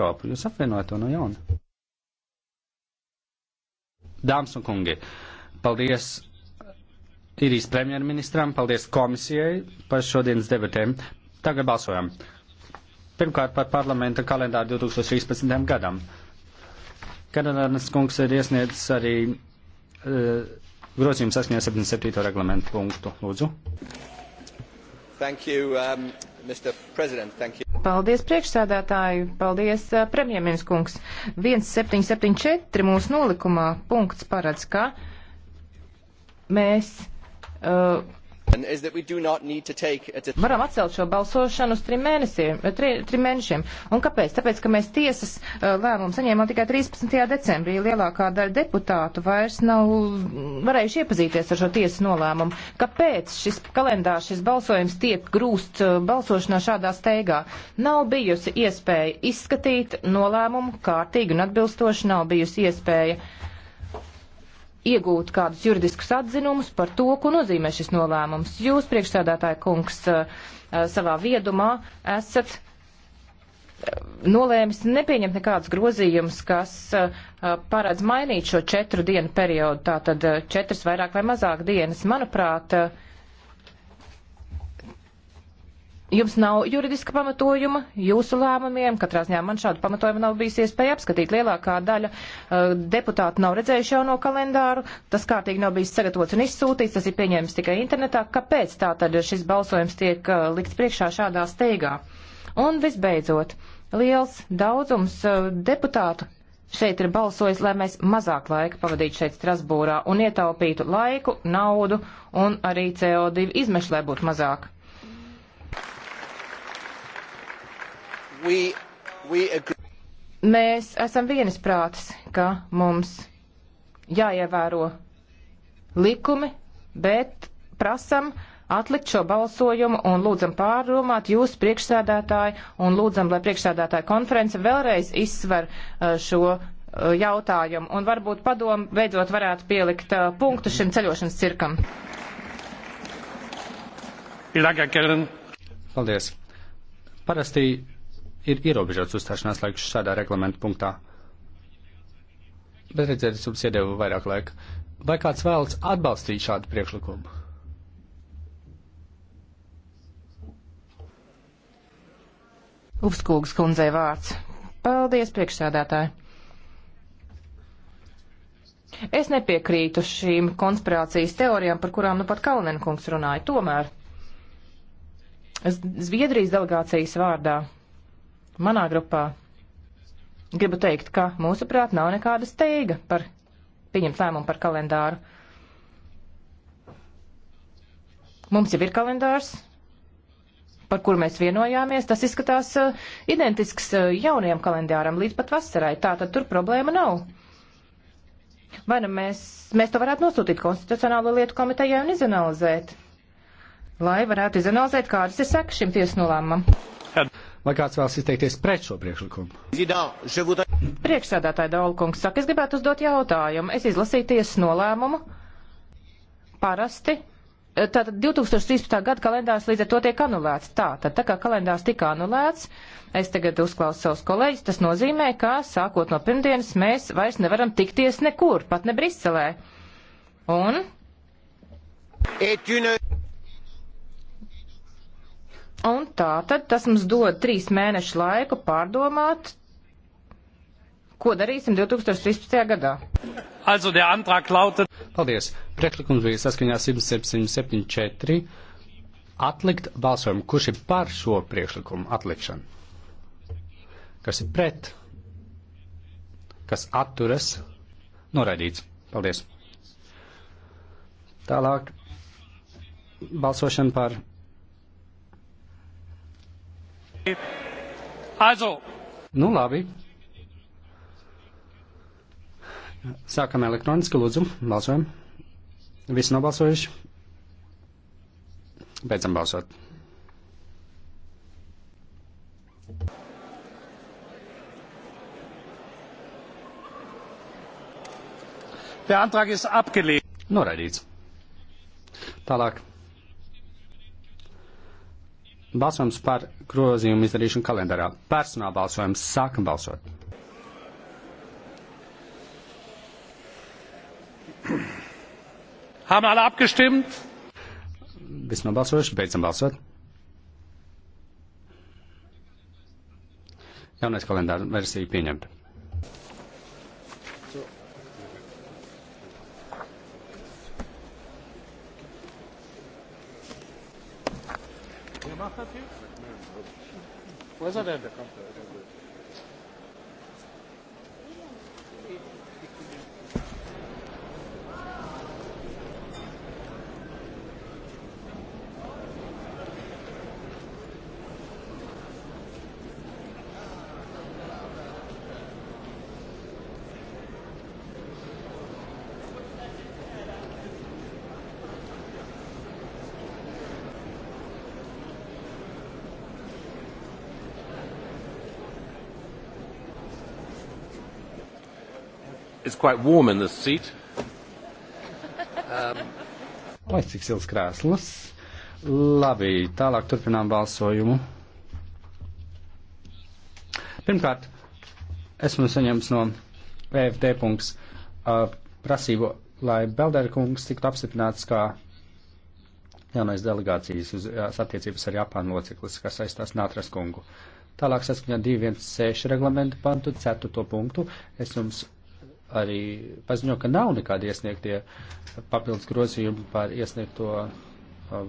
Eiropu. Jūs apvienojat to no jauna. Dāmas un kungi, paldies Irijas premjerministram, paldies komisijai par šodienas debatēm. Tagad balsojam. Pirmkārt par parlamenta kalendāru 2013. gadam. Kanadānas kungs ir iesniedzis arī e, grozījums saskaņā 77. reglamentu punktu. Lūdzu. Thank you, um, Mr. President. Thank you. Paldies priekšsēdētāju, paldies premjermins kungs. 1774 mūsu nolikumā punkts paredz, ka mēs. Uh, Varam atcelt šo balsošanu uz trim mēnešiem. Eh, tri, trim mēnešiem. Un kāpēc? Tāpēc, ka mēs tiesas eh, lēmumu saņēmām tikai 13. decembrī. Lielākā daļa deputātu vairs nav varējuši iepazīties ar šo tiesas nolēmumu. Kāpēc šis kalendārs, šis balsojums tiek grūsts eh, balsošanā šādā steigā? Nav bijusi iespēja izskatīt nolēmumu kārtīgi un atbilstoši, nav bijusi iespēja iegūt kādus juridiskus atzinumus par to, ko nozīmē šis nolēmums. Jūs, priekšsēdētāja kungs, uh, uh, savā viedumā esat uh, nolēmis nepieņemt nekādus grozījumus, kas paredz mainīt šo četru dienu periodu, tātad četras vairāk vai mazāk dienas. Manuprāt, uh, Jums nav juridiska pamatojuma jūsu lēmumiem. Katrā ziņā man šādu pamatojumu nav bijis iespēja apskatīt. Lielākā daļa uh, deputātu nav redzējuši jauno kalendāru. Tas kārtīgi nav bijis sagatavots un izsūtīts. Tas ir pieņēmis tikai internetā. Kāpēc tā tad šis balsojums tiek uh, likts priekšā šādā steigā? Un visbeidzot, liels daudzums uh, deputātu šeit ir balsojis, lai mēs mazāk laika pavadītu šeit Strasbūrā un ietaupītu laiku, naudu un arī CO2 izmešu, lai būtu mazāk. we, we Mēs esam vienisprātis, ka mums jāievēro likumi, bet prasam atlikt šo balsojumu un lūdzam pārdomāt jūs priekšsēdētāji un lūdzam, lai priekšsēdētāja konference vēlreiz izsver uh, šo uh, jautājumu un varbūt padomu beidzot varētu pielikt uh, punktu šim ceļošanas cirkam. Paldies. Parasti ir ierobežots uzstāšanās laiks šādā reglamentu punktā. Bet redziet, es jums iedevu vairāk laika. Vai kāds vēlas atbalstīt šādu priekšlikumu? Upskūgas kundzei vārds. Paldies, priekšsēdētāji! Es nepiekrītu šīm konspirācijas teorijām, par kurām nu pat Kalnenkungs runāja. Tomēr Zviedrijas delegācijas vārdā manā grupā gribu teikt, ka mūsuprāt nav nekāda steiga par pieņemt lēmumu par kalendāru. Mums jau ir kalendārs, par kuru mēs vienojāmies, tas izskatās uh, identisks uh, jaunajam kalendāram līdz pat vasarai. Tā tad tur problēma nav. Vai nu mēs, mēs to varētu nosūtīt Konstitucionālo lietu komitejai un izanalizēt, lai varētu izanalizēt, kādas ir sekas šim tiesnolēmumam. Vai kāds vēlas izteikties pret šo priekšlikumu? Priekšsēdētāja Daulkungs saka, es gribētu uzdot jautājumu. Es izlasīju tiesas nolēmumu. Parasti e, Tātad 2013. gada kalendārs līdz ar to tiek anulēts. Tātad, tā kā kalendārs tika anulēts, es tagad uzklausu savus kolēģus, tas nozīmē, ka sākot no pirmdienas mēs vairs nevaram tikties nekur, pat ne Briselē. Un? Un tā tad tas mums dod trīs mēnešu laiku pārdomāt, ko darīsim 2013. gadā. Also, der Antrag lautet. Paldies. Priekšlikums bija saskaņā 7774 atlikt balsojumu. Kurš ir par šo priekšlikumu atlikšanu? Kas ir pret? Kas atturas? Noraidīts. Paldies. Tālāk balsošana par Also. Nu, labi. Sākam elektroniski, lūdzu, balsojam. Visi nobalsojuši. Beidzam balsot. Der Antrag ist abgelehnt. Noraidīts. Tālāk. Balsojums par grozījumu izdarīšanu kalendārā. Personāla balsojums. Sākam balsot. Haben alle abgestimmt? Viss nobalsojuši, beidzam balsot. Jaunais kalendāra versija pieņemta. macht das jetzt? Wo ist er denn? It's quite warm in this seat. Um. Vai cik silts krēsls? Labi, tālāk turpinām balsojumu. Pirmkārt, esmu saņēmis no VFD e punkts uh, prasību, lai Beldera kungs tiktu apstiprināts kā jaunais delegācijas uz attiecības ar Japānu loceklis, kas saistās Nātras kungu. Tālāk saskaņā 216 reglamentu pantu 4. punktu es jums arī paziņo, ka nav nekādi iesniegtie papildus grozījumi par iesniegto uh,